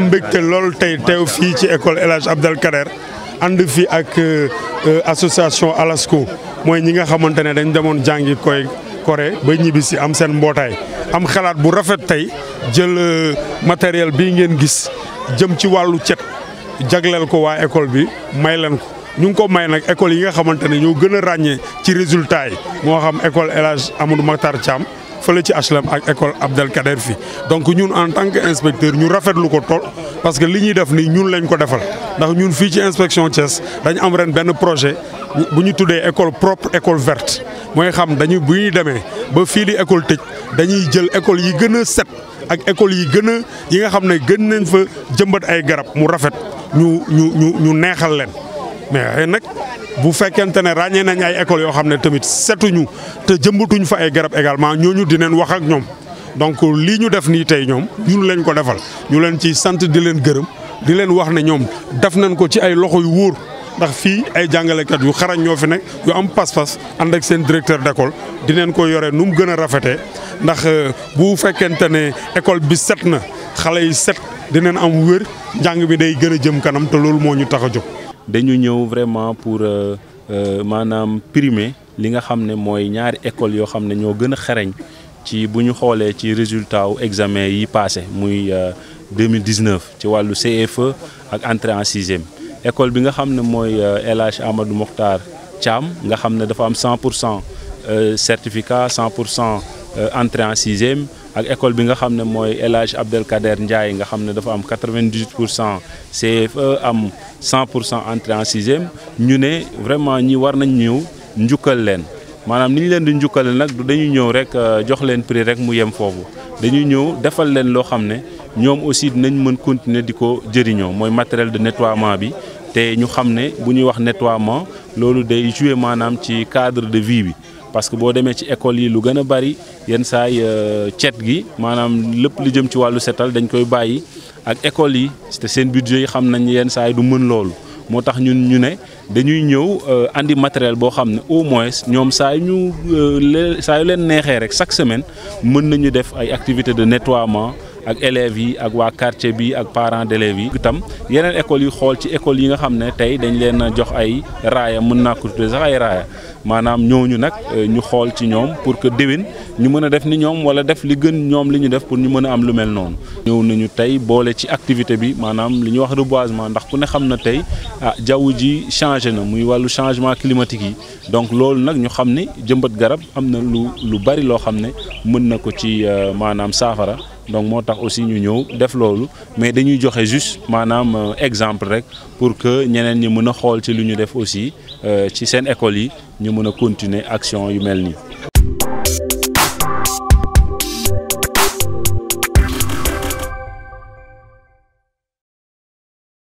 mbégte lool tey teew fii ci école El Hadj Abdel Kader ànd fii ak euh, association alasko mooy ñi nga xamante ne dañ demoon jàngi koy Corée ba ñibbisi am seen mbootaay am xalaat bu rafet tey jël euh, matériel bii ngeen gis jëm ci wàllu cet jagleel ko waa école bi may leen ko ñu ngi ko may nag école yi nga xamante ne ñoo gën a ràññee ci résultat yi moo xam école El Hadj Amadou Makhtar Thiam fële ci HLM ak école Abdel Kader fi donc ñun en tant que inspecteur ñu rafetlu ko tool parce que li ñuy def nii ñun lañ ko defal ndax ñun fii ci inspection Thiès dañu am ren benn projet bu ñu tuddee école propre école verte mooy xam dañuy bu ñuy demee ba fii di école tëj dañuy jël école yi gën a set ak école yi gën a yi nga xam ne gën nañ fa jëmbat ay garab mu rafet ñu ñu ñu ñu neexal leen. mais xëy nag bu fekkente ne ràññee nañ ay écoles yoo xam ne tamit setuñu te jëmbatuñu fa ay garab également ñooñu dinañ wax ak ñoom donc lii ñu def nii tey ñoom ñun lañ ko defal ñu leen ciy sant di leen gërëm di leen wax ne ñoom def nañ ko ci ay loxo yu wóor ndax fii ay jàngalekat yu xarañ ñoo fi nekk yu am pas-pas ànd ak seen directeur d'école dinañ ko yore nu mu gën a rafetee ndax euh, bu fekkente ne école bi set na xale yi set dinañ am wér njàng bi day gën a jëm kanam te loolu moo ñu tax a jóg. dañu ñëw vraiment pour euh, euh, manam primer li nga xamné moy ñaari école yo xamné ne gëna gën xereñ ci buñu xolé ci résultat wu examen yi passé muy 2019 euh, ci walu CFE ak entrée en sixième école bi nga xamné moy Amadou Mokhtar Cham, nga xamné dafa am 100 certificat 100 entrée en sixième ak école bi nga xamné moy Abdelkader Ndiaye nga xamné dafa am 98 CFE am. 100 entrée en sixième ñu ne vraiment ñi war nañ ñëw nous leen Manam ni leen di njukkale nak du dañuy ñëw rek euh, jox leen prix rek mu yem fofu dañuy ñëw defal leen aussi dinañ mën continuer matériel de nettoyage. bi té ñu bu ñuy wax nettoiement lolu day jouer cadre de vie parce que boo demee ci école yi lu gën a bari yenn saay euh, cet gi maanaam lépp lu jëm ci wàllu setal dañ koy bàyyi ak école yi te seen budget yi xam nañ yenn saay du mën loolu moo tax ñun ñu ne dañuy ñëw indi euh, matériel boo xam ne au moins ñoom saa yu ñu euh, saa leen neexee rek chaque semaine mën nañu def ay activités de nettoiement ak élèves yi ak waa quartier bi ak parents d'élèves yi itam yeneen écoles yu xool ci écoles yi nga xam ne tey dañ leen a jox ay raaya mën naa ko tuddee sax ay raaya maanaam ñooñu nag euh, ñu xool ci ñoom pour que déwén ñu mën a def ni ñoom wala def li gën ñoom li ñu def pour ñu mën a am lu mel noonu ñëw nañu tey boole ci activité bi maanaam li ñu wax reboisement ndax ku ne xam na tey ah jaww ji changé na muy wàllu changement climatique yi donc loolu nag ñu xam ni jëmbat garab am na lu lu bari loo xam ne mën na ko ci euh, maanaam saafara donc moo tax aussi ñu ñëw def loolu mais dañuy joxe juste maanaam euh, exemple rek pour que ñeneen ñi mën a xool ci lu ñu def aussi euh, ci seen école yi ñu mën a continuer action yu mel nii.